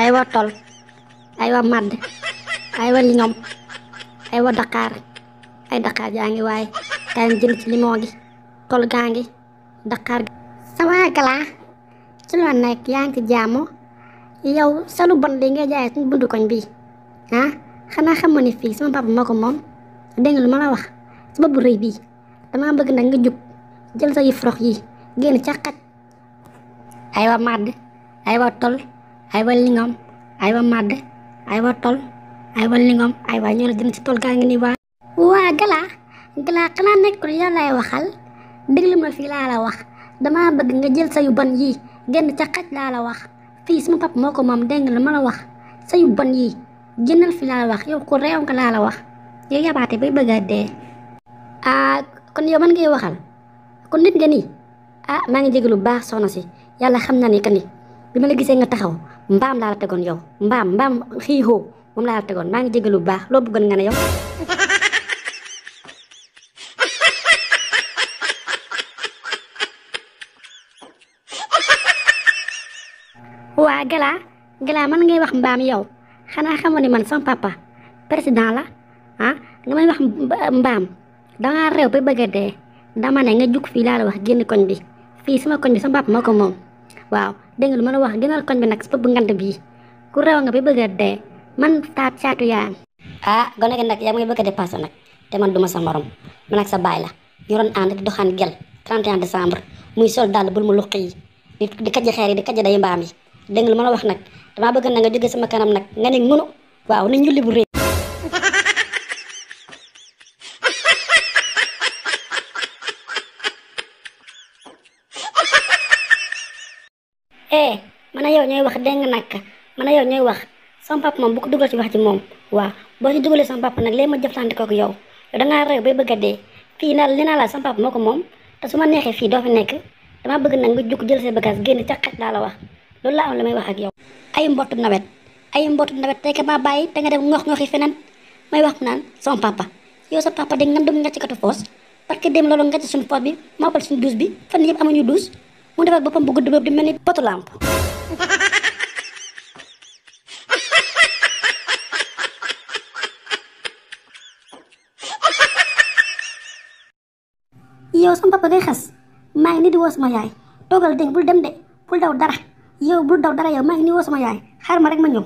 aywa tol aywa mad aywa liñom aywa dakar ay dakar jangi way kay jënd ci limo gi tol gangi dakar sama kala ci lo nek yaang ci jaamu yow lu bon li nga jaay suñu bundu koñ bi ha ah, xana xamone fi sama papa mako mom deng lu mala wax sama bu reuy bi dama bëgg nak nga juk jël sa yifrox yi genn ci xat aywa mad aywa tol Aywalingom, aywa mad, aywa tol, aywalingom, aywa ñu la jëm ci tol gaangi ni wa. Wa gala, gala xana ko ya lay waxal, deglu ma fi la la wax, dama bëgg nga jël sa yu ban yi, genn ca xaj la la wax. Fi sama pap moko mom deng la ma la wax, sa yu ban yi, gennal fi la la wax, yow ko rew nga la la wax. Yow yabaate bay bëgga dee. a kon yow man ngay waxal. Kon nit nga ni. Ah, ma ngi jéglu baax soxna si. Yalla xamna ni kan ni bi la gisee nga taxaw mbaam laa la tegoon yow mbaam mbaam xiixoo moom laa la tegoon maa ngi jégalu bu baax loo bëggoon nga ne yow waa gala gala man ngay wax mbaam yow xanaa man sama papa président la ah nga may wax mbaam dangaa rew ba bëgg a dee dama ne nga jug fii laa la wax génn koñ bi fii sama koñ bi sama papa moo ko moom Bengaluru mana wah, ನಲ್ಕೊಂಡು ಬೆನ್ನಕ್ಸ್ ಬುಂಗಂಡ ಬಿ ಕುರವಂಗ ಬಿ ಬಗಡ್ಡೆ ಮನ್ tat satu ya Ah, gone ke nak yam ngi bëgg dépasser nak té man duma sa morom man ak sa bay di gel 31 décembre Desember, muisol dal bul muluki luqi di di kajj xéer di kajj day mbaam yi deug lu nak teman bëgg na sama kanam nak nganing ne ngunu waaw na eh man a yow ñooy wax dégg nga nag man a yow ñooy wax sama papa moom bu ko dugal ci wax ji moom waaw boo ci dugalee sama papa nag léegi ma jëflante ko ak yow yow da ngaa réew bay bëgg a naa nee naa la sama ko moom te su ma neexee fii doo nekk dama bëgg nag nga jug jël sa bagage génn ca xaj wax loolu laa am la may wax ak yow. ay mbottu nawet ay mbottu nawet tey ka maa bàyyi te nga def ngox-ngoxi feneen may wax naan sama papa yow sa papa dem nga ci katu foos parce que dem loolu nga ci suñu foos bi maa suñu douche bi fan yëpp amuñu douche mu def ak boppam bu gudd boobu di lampu. ni potu làmp yow sama papa ngay xas maa ngi ni di woo sama yaay togal dégg bul dem de bul daw dara yow bul daw dara yow ya, maa ngi ni woo sama yaay xaar ma rek ma ñëw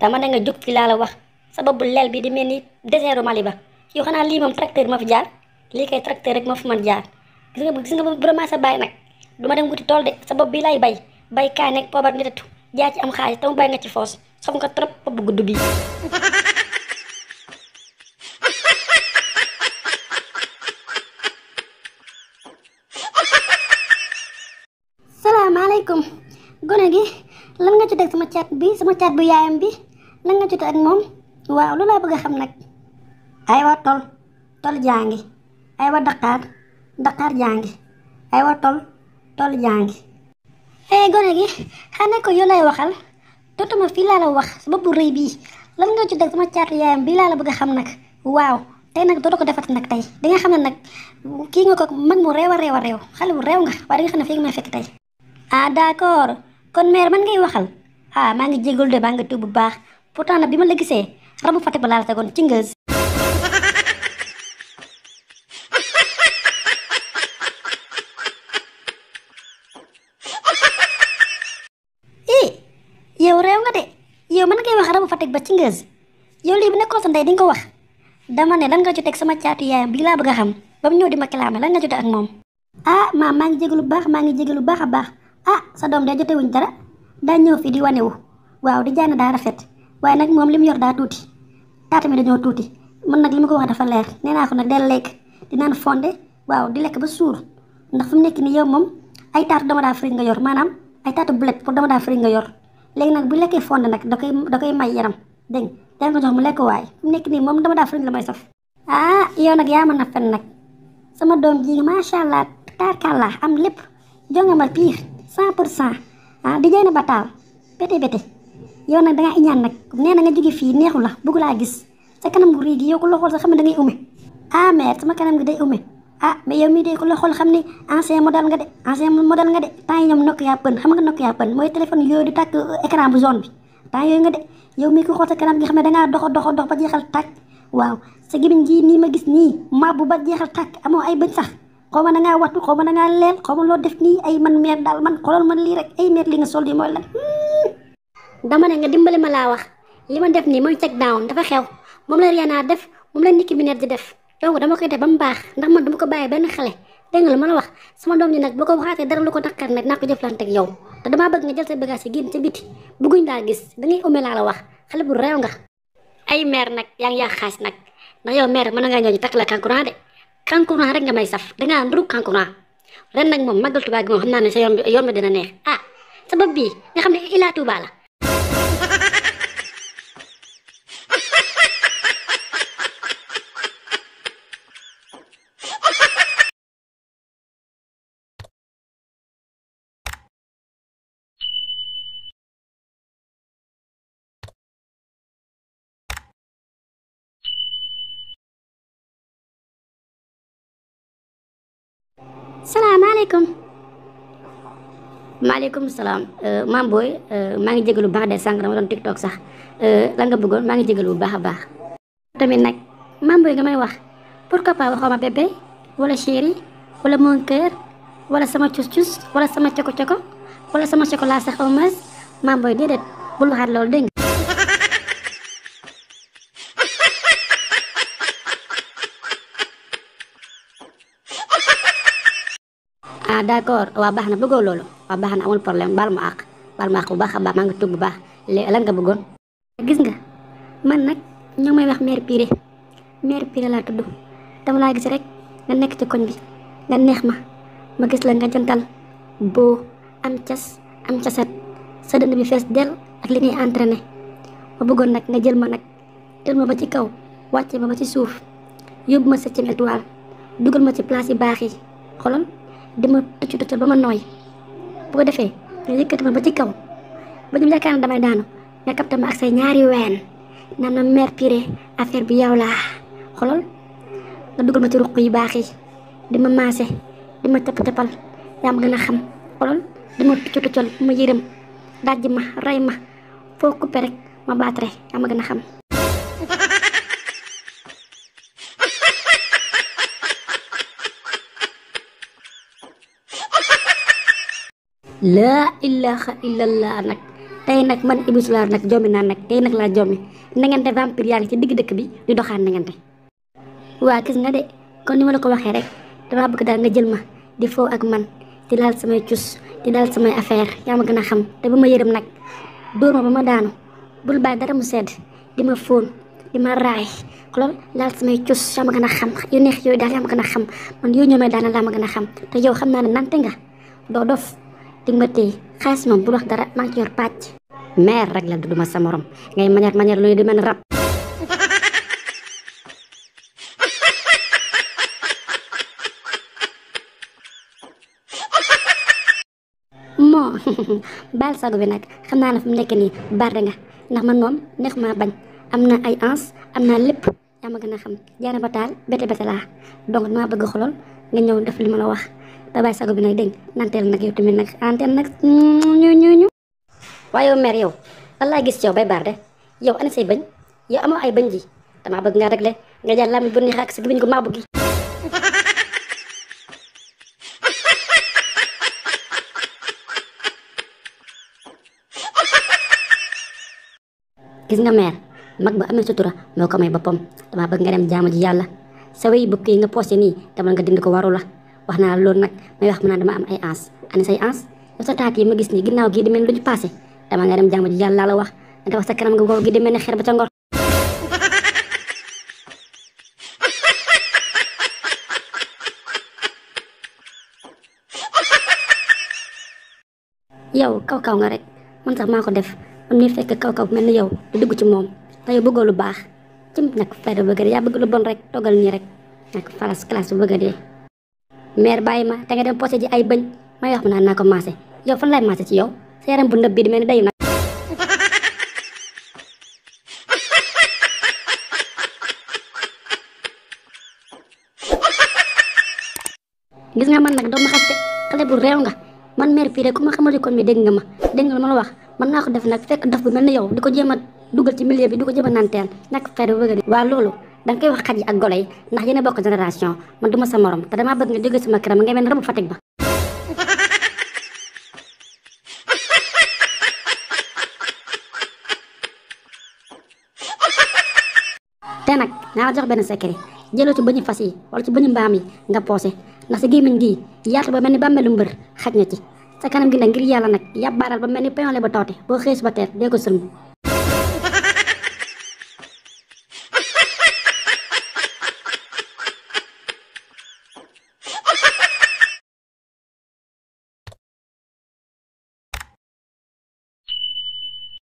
dama ne nga jóg fi laa la wax sababu leel bi di mel ni romali kan ba yow xanaa lii moom tracteur ma fi jaar lii kay tracteur rek ma fi man jaar gis nga gis nga vraiment sa duma dem wuti tol de sa bopp bi lay bay bay kaa nek pobar ni retu ja ci am xaalis taw bay nga ci fos xam nga trop bopp guddu bi alaykum gona gi lan nga tek sama chat bi sama chat bu yaayam bi lan nga tek ak mom waaw lu la bëgg xam nak ay wa tol tol wa dakar dakar jangi ay wa tol loolu jàngi eh gone gi xanaa ko yow lay waxal dootuma fii laa la wax sa bopp bu rëy bii lan nga ci def sama caatu yaayam bii laa la bëgg a xam nag waaw te nag dootoo ko defati nag tey di nga xam ne nag kii nga ko mag mu réew a réew a réew xale bu réew nga waaye di nga xam ne fii nga may fekk tey ah d'accord kon mère man ngay waxal ah maa ngi jégalu de maa ngi tuub bu baax pourtant nag bi ma la gisee rabu Fatick ba laa la tegoon ci ngëz Fatik fa Yoli ba ci ngëz yow ya li bu nekkoon sa nday di nga wax dama ne lan nga ci tek sama caatu yaayam bi la bëgg xam bam mu di ma clamé lan nga jote ak mom ah ma ma ngi jégalu baax ma ngi baax a baax ah sa da jotté wuñ dara da ñëw fi di wanewu uh. waaw di jaay na daa rafet waaye nag moom li yor da tuti tata mi dañu tuti man nak wax dafa leer neena ko nak del lek di nan fonde waaw di lek ba sour ndax fu nekk ni yow ya, mom ay tata dama da firi nga yor manam ay tata bullet pour dama da nga yor légui nak bu ke fonde nak da koy da koy may yaram dégg nga ko jox mu lekk way nek ni mom dama da firiñ la may saf ah yow nak ya na fen nak, sama dom ji sha allah taarkàllaa am lepp jonga ma pire 100% ah di jënd batal pété pété yow nak da nga iñan nak néna na nga jogi fi neexu la bëgg laa gis sa kanam gu ri gi yow ko loo xool xam da ngay umé ah mère sama kanam gi day umé ah ba yow mi de ko la xool xam ancien modèle nga de ancien modèle nga de temps ñom ñoom Nokia pen xam nga Nokia pen moy téléphone yoy di tak euh, écran bu zone bi temps yoy nga de yow mi ko xool sa kanam gi xam ne dangaa doxo dox dox ba jeexal tak waaw sa gibin gi ni ma gis ma bu ba jeexal tak amo ay bëñ sax xaw ma nga wattu xaw ma nga leen xaw ma def ni ay man mer dal man xolal man li rek ay mer li nga sol di moy la dama ne nga dimbali ma laa wax li ma def ni moy check down dafa xew mom la riana def mom la Nicki Minaj di def yow dama koy def bam bax mau ndax man dama ko baye ben xalé deng la lu wax sama dom ji nak bu ko waxate dara lu ko takkar nak naa ko jëflante ak yow te dama bëgg nga jël sa bagage yi génn ci biti guñ laa gis da ngay umé la la wax xalé bu rew nga ay mère nak yang ya khas, nak, ndax yow mère mën nga ñu takk la courant de courant rek nga may saf ndru kan courant ren nak mom magal tuba gi mo xamna ne sa yoon bi yoon bi dina neex ah sabab bi nga ila tuba la Assalamualaikum, salam euh salaam boy euh ma ngi jégalu bu baax de dama don tiktok sax eh, la nga bëggol ma ngi jégalu bu baax baax tamit nak maam boy gamay wax pourquoi pas waxoo bébé wala chéri wala mon cœur wala sama cus-cus wala sama coko-coko wala sama chocolat sax au moins boy dédé bu lu xat loolu dégg d'accord wa baxna bëggo lolu wa baxna amul problème bal ma ak bal ma ko bu ba ma nga maa ngi tuub lan nga bëggoon gis nga man nak ñu may wax mère Piré mère Piré la tuddu dama la gis rek nga nekk ci koñ bi nga neex ma ma gis la nga jantal bo am tias am sa dënd bi fess del ak li ngay entraîner ma bëggoon nak nga jël ma nak jël ma ba ci kaw wàcce ma ci suuf yóbbu ma ci étoile dugal ma ci place yi baax yi xolal dima tuccu tuccu bama noy bu ko defé ñu yëkëti ma ba ci kaw ba ñu yaakaar ne damay daanu nga kapte ma ak say ñaari wèn naan na mère piré affaire bi yaw la xolal nga duggal ma ci ruq yu baax yi di ma maase di ma tëpp-tëppal xam xolal dima tuccu tuccu ma yërem dajima ma ma rek ma batré yaa ma xam la ilaha illallah nak tay nak man nak jomi nag nak tay nak la jomi na ngeen nangante vampire yaangi ci digg dekk bi di doxaan nangante wa gis nga de kon ni ma ko waxe rek dama bëgg da nga jël ma di fo ak man di dal samay cus di dal samay affaire ya ma gëna xam te bama ma nak nag dóor ma daanu bul bay dara mu sedd di ma di ma raay lol laal samay cus ya ma gëna xam yu neex yooyu dal ya ma gëna xam man yooyu ñoomee daana la ma gëna xam te yow xam na nante nga do dof dimbati xaalis moom darat darat dara maa ngi ci yor morom ngay manyar-manyar lu di mana rap. Mo bal sa gue nak, kenal naa ne ini, mu nekk nii barde nga ndax amna ay ans amna lip, lépp yaa ma gën a xam jaana ba taal bete bete donc bëgg xolol nga def li ma da bàyyi sago bi nag dégg nga nanteel nag yow tamit nag anteel nag ñu ñu laa gis yow bay baar yow ana say bañ yow ay bañ ji damaa bëgg nga réglé nga jaar làmmiñ bu neex ak gi. gis nga mère mag ba amee sutura moo ko may boppam damaa bëgg nga dem jaamu ji yàlla sa wéy bukk yi nga posé nii dindi ko waru la. waxna lool nak may wax saya as, dama am ay ans ani say ans yow sa taaki ma gis ni ginnaaw gi demee luñu passé dama nga dem kau ma ji yàlla la wax da wax sa kanam nga góor gi xer ba ca ngor yow kaw kaw nga rek man sax mako def am ni fekk kaw kaw melni yow di dugg ci mom te yow bëggoo lu baax ci nag fayda bëgg ya bëgg lu bon rek togal ni rek nak falas class maire bayima ma te nga dem posé ji ay bañ may wax ma ko maase yow fan lay maase ci yow sa yaram bu ndëb bi di mel dayu nag gis nga man nak do ma xasté xalé bu rew nga man maire fi rek ku ma xamal kon mi deg nga ma deg nga ma la wax man nako def nak fekk daf bu melni yow diko jema jéem dugal ci milieu bi diko jema nantel nak nanteen nag wa lolu dang koy wax xaj yi ak golay ndax yene bokk generation man duma sa morom te dama bëgg nga jóge sama këram ngay mel rabu Fatick ba té nak na la jox ben secret jëlo ci bëñu fas yi wala ci bëñu mbam yi nga posé ndax ci gémmiñ gi yaatu ba melni ni mbeur mbër xaj ci sa kanam gi na ngir yàlla nag yàbbaaral ba melni payon le ba toté bo xéss ba tét dee ko